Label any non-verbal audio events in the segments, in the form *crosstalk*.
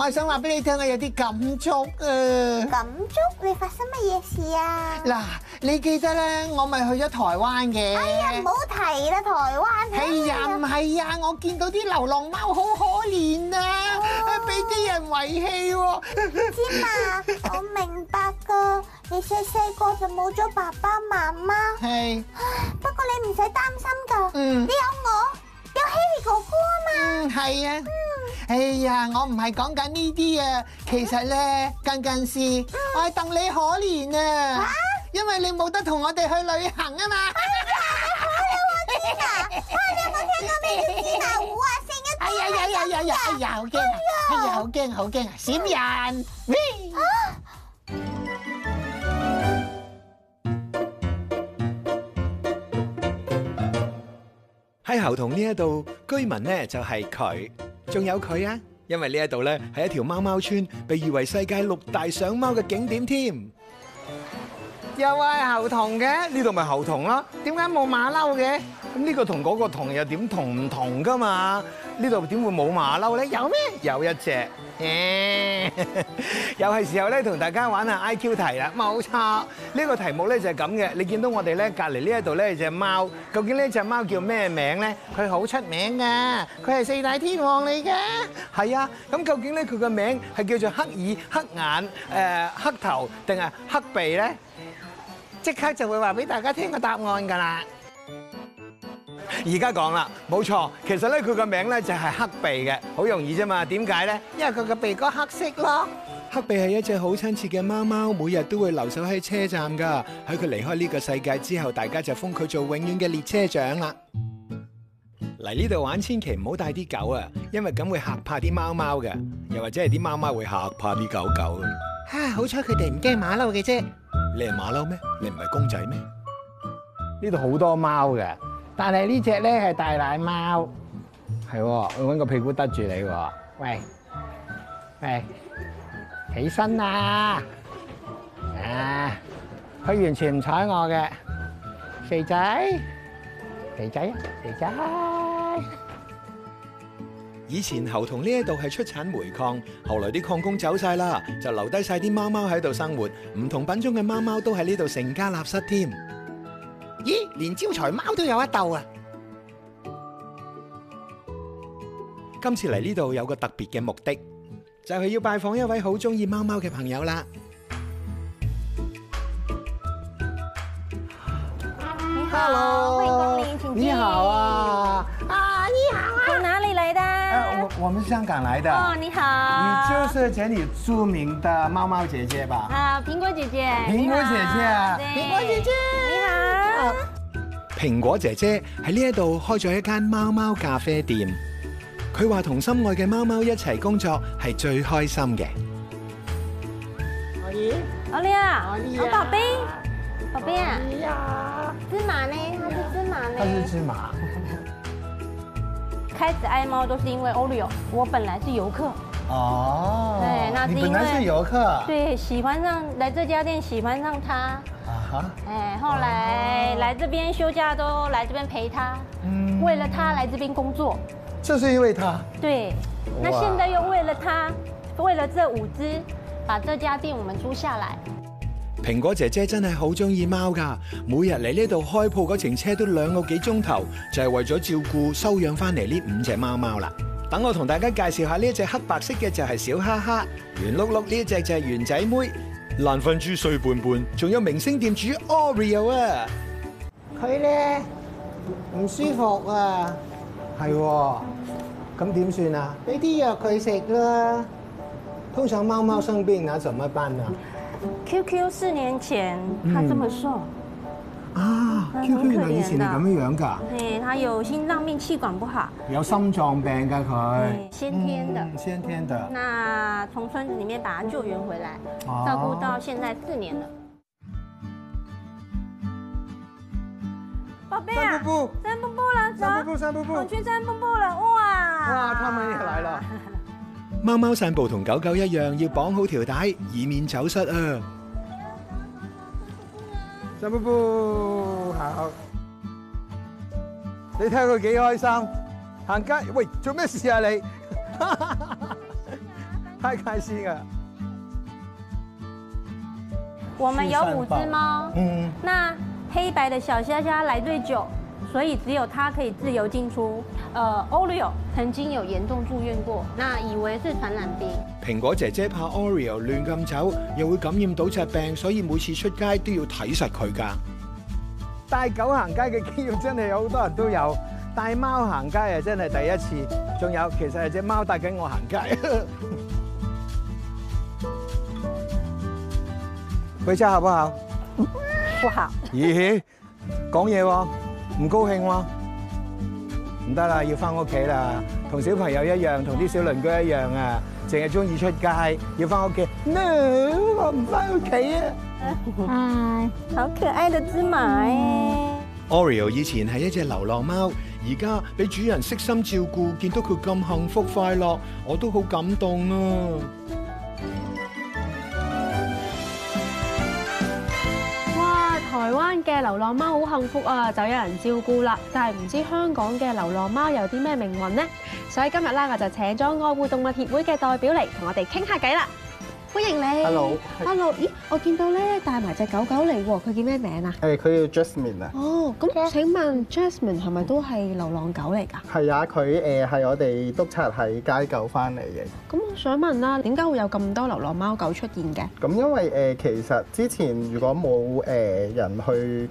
我想話俾你聽，我有啲感觸啊！感觸？你發生乜嘢事啊？嗱，你記得咧，我咪去咗台灣嘅。哎呀，唔好提啦，台灣。哎呀的，唔係啊，我見到啲流浪貓好可憐啊，俾啲、哦、人遺棄。芝蔴， *laughs* 我明白噶，你細細個就冇咗爸爸媽媽。係的。不過你唔使擔心噶，嗯，你有我，有 Harry 哥哥啊嘛。嗯，係啊。嗯哎呀，我唔係講緊呢啲啊，其實咧近近事，我係戥你可憐啊，因為你冇得同我哋去旅行啊嘛。可憐我先吧，啊你有冇聽過咩叫芝麻糊啊？成一哎呀呀呀呀呀！哎呀好驚啊！哎呀好驚好驚啊！閃人咩？喺猴硐呢一度居民咧就係佢。仲有佢啊，因為呢裏度係一條貓貓村，被譽為世界六大賞貓嘅景點添。又係猴童嘅，呢度咪猴硐咯？點解冇馬騮嘅？咁呢個，個同嗰個同又點同唔同噶嘛？這裡怎呢度點會冇馬騮咧？有咩嗎？有一隻， *laughs* 又係時候咧同大家玩下 I Q 題啦。冇錯，呢、這個題目咧就係咁嘅。你見到我哋咧隔離呢一度咧有隻貓，究竟這隻貓呢隻貓叫咩名咧？佢好出名噶，佢係四大天王嚟嘅。係啊，咁究竟咧佢個名係叫做黑耳、黑眼、誒、呃、黑頭定係黑鼻咧？即刻就會話俾大家聽個答案㗎啦。而家講啦，冇錯，其實咧佢個名咧就係黑鼻嘅，好容易啫嘛。點解咧？因為佢個鼻哥黑色咯。黑鼻係一隻好親切嘅貓貓，每日都會留守喺車站噶。喺佢離開呢個世界之後，大家就封佢做永遠嘅列車長啦。嚟呢度玩千祈唔好帶啲狗啊，因為咁會嚇怕啲貓貓嘅，又或者係啲貓貓會嚇怕啲狗狗。嚇！好彩佢哋唔驚馬騮嘅啫。你係馬騮咩？你唔係公仔咩？呢度好多貓嘅。但係呢隻咧係大奶貓，係，佢搵個屁股得住你喎。喂，喂，起身啦！啊，佢完全唔睬我嘅。肥仔，肥仔，肥仔。以前猴硐呢一度係出產煤礦，後來啲礦工走晒啦，就留低晒啲貓貓喺度生活。唔同品種嘅貓貓都喺呢度成家立室添。咦，連招財貓都有一斗啊！今次嚟呢度有個特別嘅目的，就係要拜訪一位好中意貓貓嘅朋友啦。Hello，歡迎光臨！你好啊！啊，你好啊！從哪裏嚟的？我我們香港嚟的。哦好、啊，你好。你就是這裏著名嘅貓貓姐姐吧？啊，蘋果姐姐。蘋是果姐姐。蘋果姐姐。蘋果姐姐喺呢一度開咗一間貓貓咖啡店，佢話同心愛嘅貓貓一齊工作係最開心嘅。阿爺，阿麗啊，阿寶貝寶貝啊，芝麻呢？它是芝麻呢？它是芝麻。開始愛貓都是因為 Oreo，我本來是遊客。哦。對，那你本來是遊客。對，喜歡上來這家店，喜歡上他誒，後來來這邊休假都來這邊陪他，為了他來這邊工作。嗯，就是因為他。對，那現在又為了他，為了這五隻，把這家店我們租下來。蘋果姐姐真係好中意貓㗎，每日嚟呢度開鋪嗰程車都兩個幾鐘頭，就係為咗照顧、收養翻嚟呢五隻貓貓啦。等我同大家介紹下呢一隻黑白色嘅就係小哈哈，圓碌碌呢一隻就係圓仔妹。難分豬碎半半，仲有明星店主 Arielle 啊，佢咧唔舒服啊，係，咁點算啊？俾啲藥佢食啦。通常貓貓生病，那怎麼辦啊？QQ 四年前，他這麼瘦。嗯 Q Q 原來以前係咁樣樣噶，他有心臟病、氣管不好，有心臟病噶佢，先天的、嗯，先天的。那從村子裏面把它救援回來，照顧到現在四年了。寶貝啊，散步啦，走步步，上山散步啦，哇！哇，他們又來了。貓貓散步同狗狗一樣，要綁好條帶，以免走失啊。散步好，你睇佢幾開心行街。喂，做咩事啊你哈哈？太開心啊！心了我們有五隻貓嗯，那黑白的小蝦蝦來對酒，所以只有它可以自由進出。呃、uh, Oreo 曾經有嚴重住院過，那以為是傳染病。蘋果姐姐怕 Oreo 亂咁走，又會感染到疾病，所以每次出街都要睇實佢㗎。帶狗行街嘅機會真係有好多人都有，帶貓行街啊真係第一次。仲有其實係隻貓帶緊我行街。貝莎好不好？不好。咦？講嘢喎，唔高興喎，唔得啦，要翻屋企啦。同小朋友一樣，同啲小鄰居一樣啊。淨係中意出街，要翻屋企？No，我唔翻屋企啊！好可愛的芝麻誒，啊！Oreo 以前係一隻流浪貓，而家俾主人悉心照顧，見到佢咁幸福快樂，我都好感動啊！哇，台灣嘅流浪貓好幸福啊，就有人照顧啦。但係唔知香港嘅流浪貓有啲咩命運呢？所以今日啦，我就請咗愛護動物協會嘅代表嚟同我哋傾下偈啦。歡迎你。Hello。Hello。咦，我見到咧帶埋隻狗狗嚟喎，佢叫咩名啊？誒，佢叫 Jasmine 啊。哦、oh，咁請問 Yes. Jasmine 係咪都係流浪狗嚟㗎？係啊，佢誒係我哋督察喺街救返嚟嘅。咁我想問啦，點解會有咁多流浪貓狗出現嘅？咁因為誒，其實之前如果冇誒人去。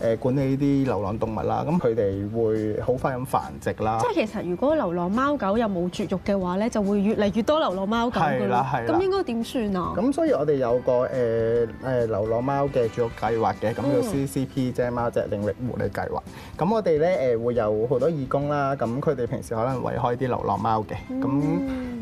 誒管理啲流浪動物啦，咁佢哋會好快咁繁殖啦。即係其實，如果流浪貓狗又冇絕育嘅話咧，就會越嚟越多流浪貓狗㗎啦。咁應該點算啊？咁所以我哋有個誒誒、呃、流浪貓嘅絕育計劃嘅，咁叫 CCP 即貓隻領域活力計劃。咁我哋咧誒會有好多義工啦，咁佢哋平時可能餵開啲流浪貓嘅。咁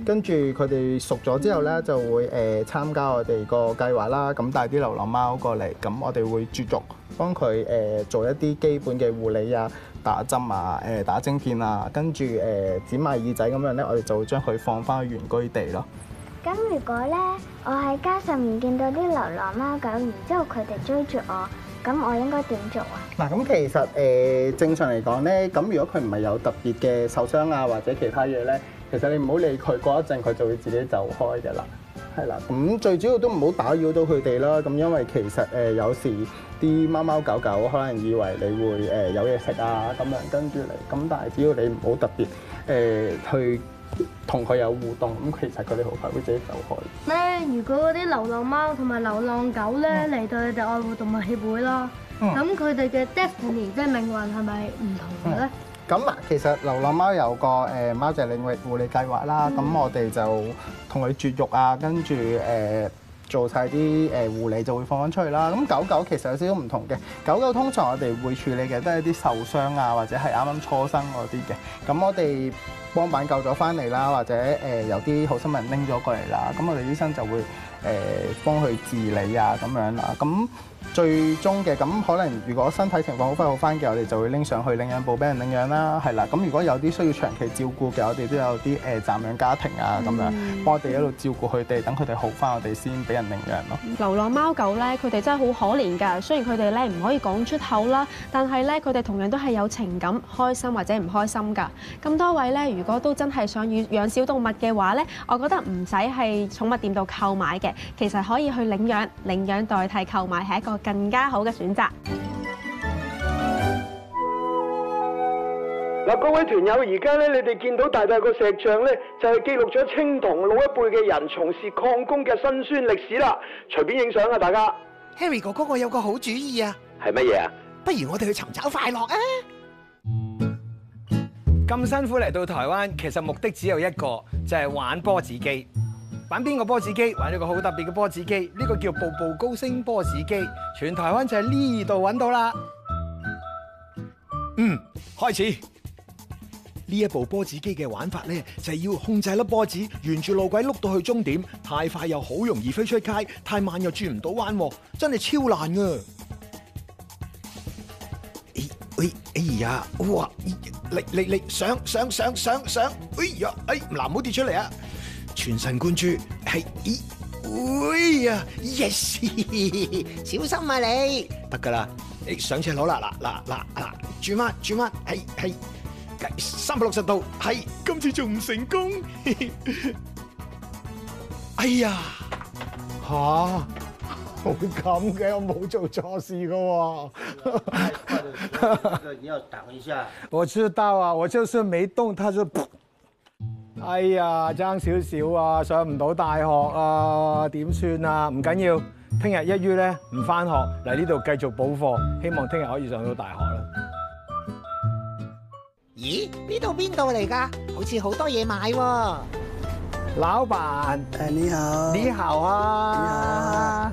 跟住佢哋熟咗之後咧，就會誒參加我哋個計劃啦。咁帶啲流浪貓過嚟，咁我哋會絕育。幫佢誒做一啲基本嘅護理啊，打針啊，誒、呃、打晶片啊，跟住誒、呃、剪埋耳仔咁樣咧，我哋就會將佢放翻去原居地咯。咁如果咧，我喺街上面見到啲流浪貓狗，然之後佢哋追住我，咁我應該點做、呃、啊？嗱，咁其實誒正常嚟講咧，咁如果佢唔係有特別嘅受傷啊或者其他嘢咧，其實你唔好理佢，過一陣佢就會自己走開㗎啦。係啦，咁最主要都唔好打擾到佢哋啦。咁因為其實誒有時啲貓貓狗狗可能以為你會誒有嘢食啊，咁樣跟住嚟。咁但係只要你唔好特別誒去同佢有互動，咁其實佢哋好快會自己走開。咧，如果嗰啲流浪貓同埋流浪狗咧，嚟到你哋愛護動物協會啦，咁佢哋、嗯、嘅、嗯、Destiny，即係命運是不是不同呢，係咪唔同嘅咧？咁啊，其實流浪貓有個誒貓仔領域護理計劃啦，咁、嗯、我哋就同佢絕育啊，跟住誒做晒啲誒護理就會放翻出去啦。咁狗狗其實有少少唔同嘅，狗狗通常我哋會處理嘅都係啲受傷啊，或者係啱啱初生嗰啲嘅。咁我哋幫板救咗翻嚟啦，或者誒有啲好心人拎咗過嚟啦，咁我哋醫生就會。誒幫佢治理啊咁樣啦，咁最終嘅咁可能如果身體情況好翻好翻嘅，我哋就會拎上去領養部俾人領養啦，係啦。咁如果有啲需要長期照顧嘅，我哋都有啲誒暫養家庭啊咁樣，幫我哋一路照顧佢哋，等佢哋好翻，我哋先俾人領養咯。流浪貓狗咧，佢哋真係好可憐㗎。雖然佢哋咧唔可以講出口啦，但係咧佢哋同樣都係有情感、開心或者唔開心㗎。咁多位咧，如果都真係想養小動物嘅話咧，我覺得唔使喺寵物店度購買嘅。其實可以去領養，領養代替購買係一個更加好嘅選擇。嗱，各位團友，而家咧你哋見到大大個石像咧，就係記錄咗菁桐老一輩嘅人從事礦工嘅辛酸歷史啦。隨便影相啊，大家。Harry 哥哥，我有個好主意啊。係乜嘢啊？不如我哋去尋找快樂啊！咁辛苦嚟到台灣，其實目的只有一個，就係玩波子機。玩邊個波子機？玩咗個好特別嘅波子機，呢個叫步步高升波子機，全台灣就喺呢度揾到啦。嗯，開始呢一部波子機嘅玩法咧，就係要控制粒波子沿住路軌碌到去終點。太快又好容易飛出街，太慢又轉唔到彎，真係超難啊！咦，哎哎呀，哇！嚟嚟嚟，上上上上上，哎呀，哎嗱，唔好跌出嚟啊！全神貫注，係咦、哎，喂呀，yes，小心啊你，得噶啦，你上車攞啦嗱！嗱！嗱！啦，轉彎轉彎，係係三百六十度，係今次仲唔成功？哎呀，吓，會咁嘅？我冇做錯事噶喎。你要等一下，我知道啊，我就是沒動，他就。哎呀，爭少少啊，上唔到大學啊，點算啊？唔緊要，聽日一於咧唔翻學嚟呢度繼續補課，希望聽日可以上到大學啦。咦？邊度邊度嚟㗎？好似好多嘢買喎。老闆，誒，你好，你好啊，你好啊。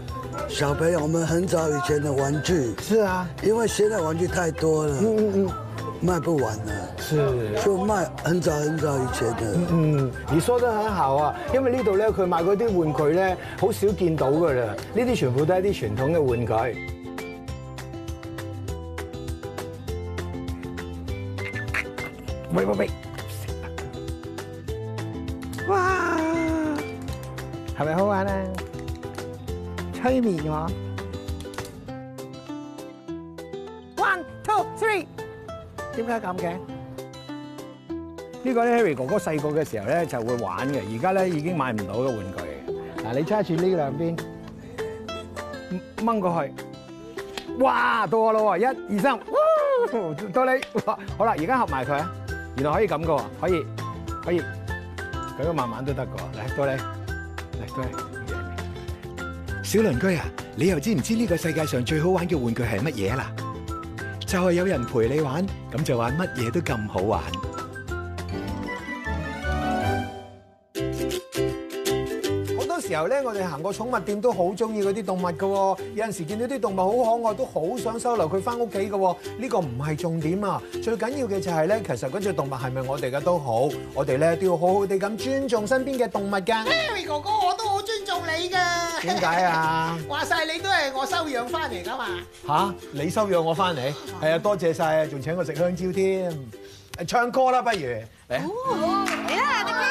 小朋友，我們很早以前的玩具是啊，因為現在玩具太多了，嗯嗯嗯，賣不完了，是，就賣很早很早以前的，嗯，你說得很好啊，因為呢度咧，佢賣嗰啲玩具咧，好少見到噶啦，呢啲全部都係啲傳統嘅玩具。喂喂喂，哇，係咪好玩呢？睇面嘅嗬，One, two, three，點解咁嘅？呢個咧，Harry 哥哥細個嘅時候咧就會玩嘅，而家咧已經買唔到嘅玩具。嗱，你揸住呢兩邊，掹過去，哇，到我喇，一、二、三，到你。好啦，而家合埋佢，原來可以咁嘅喎，可以，可以，咁樣慢慢都得嘅。嚟，到你，嚟，嚟。小鄰居啊，你又知唔知呢個世界上最好玩嘅玩具係乜嘢啊？嗱，就係有人陪你玩，咁就玩乜嘢都咁好玩。由咧，我哋行過寵物店都好中意嗰啲動物噶，有陣時見到啲動物好可愛，都好想收留佢翻屋企噶。呢個唔係重點啊，最緊要嘅就係咧，其實嗰隻動物係咪我哋嘅都好，我哋咧都要好好地咁尊重身邊嘅動物噶。Harry 哥哥，我都好尊重你噶。點解啊？話晒你都係我收養翻嚟噶嘛？吓、啊，你收養我翻嚟？係啊， *laughs* 多謝晒，仲請我食香蕉添、啊。唱歌啦，不如嚟啊！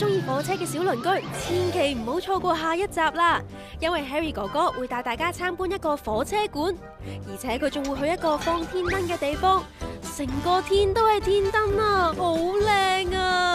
中意火車嘅小鄰居，千祈唔好錯過下一集啦！因為 Harry 哥哥會帶大家參觀一個火車館，而且佢仲會去一個放天燈嘅地方，成個天都係天燈啊，好靚啊！